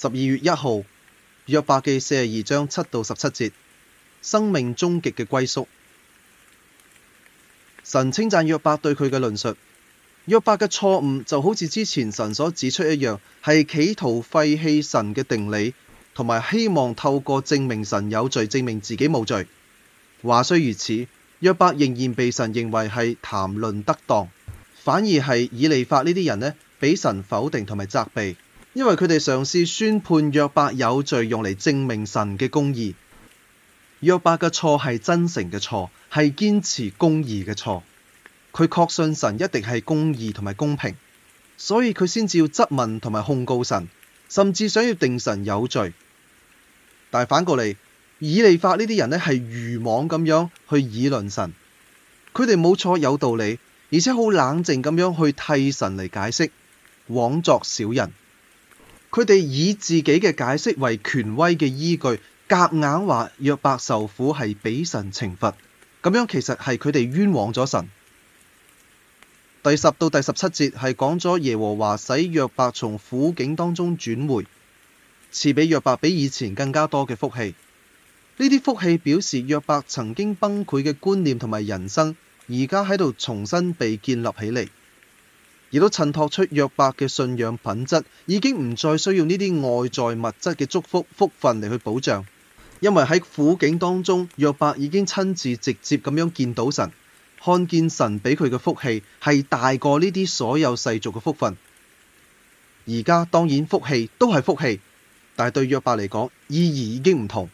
十二月一號，約伯記四十二章七到十七節，生命終極嘅歸宿。神稱讚約伯對佢嘅論述，約伯嘅錯誤就好似之前神所指出一樣，係企圖廢棄神嘅定理，同埋希望透過證明神有罪，證明自己冇罪。話雖如此，約伯仍然被神認為係談論得當，反而係以利法呢啲人呢，俾神否定同埋責備。因為佢哋嘗試宣判約伯有罪，用嚟證明神嘅公義。約伯嘅錯係真誠嘅錯，係堅持公義嘅錯。佢確信神一定係公義同埋公平，所以佢先至要質問同埋控告神，甚至想要定神有罪。但反過嚟，以利法呢啲人咧係愚妄咁樣去議論神，佢哋冇錯有道理，而且好冷靜咁樣去替神嚟解釋，枉作小人。佢哋以自己嘅解釋為權威嘅依據，夾硬話約伯受苦係俾神懲罰，咁樣其實係佢哋冤枉咗神。第十到第十七節係講咗耶和華使約伯從苦境當中轉回，賜俾約伯比以前更加多嘅福氣。呢啲福氣表示約伯曾經崩潰嘅觀念同埋人生，而家喺度重新被建立起嚟。亦都襯托出約伯嘅信仰品質，已經唔再需要呢啲外在物質嘅祝福福分嚟去保障。因為喺苦境當中，約伯已經親自直接咁樣見到神，看見神俾佢嘅福氣係大過呢啲所有世俗嘅福分。而家當然福氣都係福氣，但係對約伯嚟講，意義已經唔同。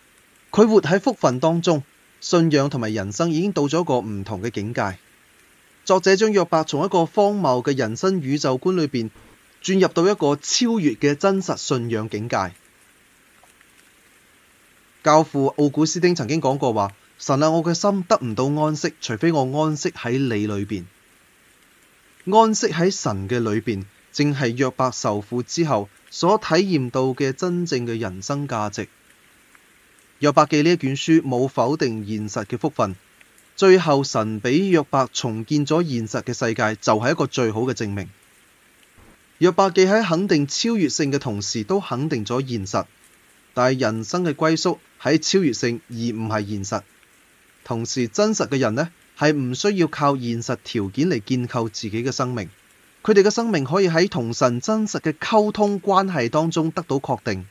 佢活喺福分當中，信仰同埋人生已經到咗個唔同嘅境界。作者將約伯從一個荒謬嘅人生宇宙觀裏邊轉入到一個超越嘅真實信仰境界。教父奧古斯丁曾經講過話：神啊，我嘅心得唔到安息，除非我安息喺你裏邊。安息喺神嘅裏邊，正係約伯受苦之後所體驗到嘅真正嘅人生價值。約伯記呢一卷書冇否定現實嘅福分。最後神俾約伯重建咗現實嘅世界，就係一個最好嘅證明。約伯記喺肯定超越性嘅同時，都肯定咗現實。但係人生嘅歸宿喺超越性，而唔係現實。同時真實嘅人呢，係唔需要靠現實條件嚟建構自己嘅生命。佢哋嘅生命可以喺同神真實嘅溝通關係當中得到確定。